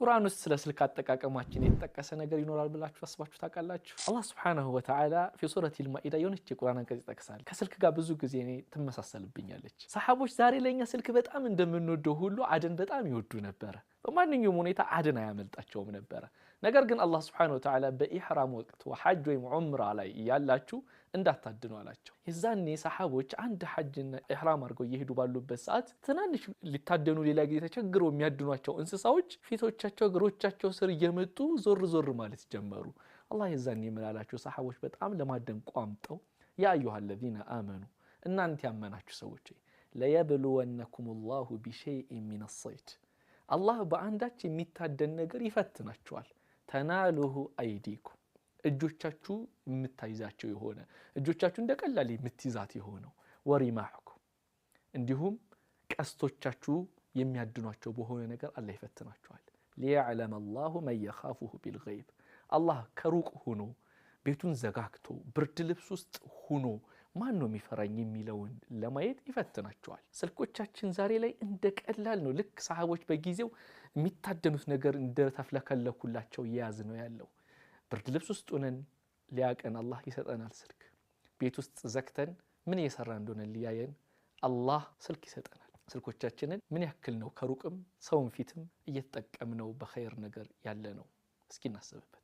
ቁርአን ውስጥ ስለ ስልክ አጠቃቀማችን የተጠቀሰ ነገር ይኖራል ብላችሁ አስባችሁ ታውቃላችሁ? አላህ ሱብሓነሁ ወተዓላ ፊ ሱረት ልማኢዳ የሆነች የቁርአን አንቀጽ ይጠቅሳል። ከስልክ ጋር ብዙ ጊዜ እኔ ትመሳሰልብኛለች። ሰሓቦች ዛሬ ለእኛ ስልክ በጣም እንደምንወደው ሁሉ አደን በጣም ይወዱ ነበረ። በማንኛውም ሁኔታ አደን አያመልጣቸውም ነበረ። ነገር ግን አላህ ስብሓነሁ ወተዓላ በኢሕራም ወቅት ወሓጅ ወይም ዑምራ ላይ ያላችሁ እንዳታድኑ አላቸው። የዛኔ ሰሓቦች አንድ ሓጅና ኢሕራም አድርገው እየሄዱ ባሉበት ሰዓት ትናንሽ ሊታደኑ ሌላ ጊዜ ተቸግረው የሚያድኗቸው እንስሳዎች ፊቶቻቸው፣ እግሮቻቸው ስር እየመጡ ዞር ዞር ማለት ጀመሩ። አላህ የዛኔ የምላላቸው ሰሓቦች በጣም ለማደን ቋምጠው ያ አዩሃ አለዚነ አመኑ እናንተ ያመናችሁ ሰዎች ለየብልወነኩም ላሁ ቢሸይኢን ሚን ሰይድ አላህ በአንዳች የሚታደን ነገር ይፈትናችኋል። ተናሉሁ አይዲኩ እጆቻችሁ የምታይዛቸው የሆነ እጆቻችሁ እንደ ቀላል የምትይዛት የሆነው ወሪማሕኩም እንዲሁም ቀስቶቻችሁ የሚያድኗቸው በሆነ ነገር አላ ይፈትናቸዋል። ሊያዕለመ አላሁ መን የኻፉሁ ቢልገይብ አላህ ከሩቅ ሆኖ ቤቱን ዘጋግቶ ብርድ ልብስ ውስጥ ሆኖ ማን ነው የሚፈራኝ የሚለውን ለማየት ይፈትናቸዋል። ስልኮቻችን ዛሬ ላይ እንደ ቀላል ነው። ልክ ሰሃቦች በጊዜው የሚታደኑት ነገር እንደተፍለከለኩላቸው እየያዝ ነው ያለው። ብርድ ልብስ ውስጥ ሆነን ሊያቀን አላህ ይሰጠናል ስልክ። ቤት ውስጥ ዘግተን ምን እየሰራ እንደሆነ ሊያየን አላህ ስልክ ይሰጠናል። ስልኮቻችንን ምን ያክል ነው ከሩቅም ሰውን ፊትም እየተጠቀምነው በኸይር ነገር ያለ ነው? እስኪ እናስብበት።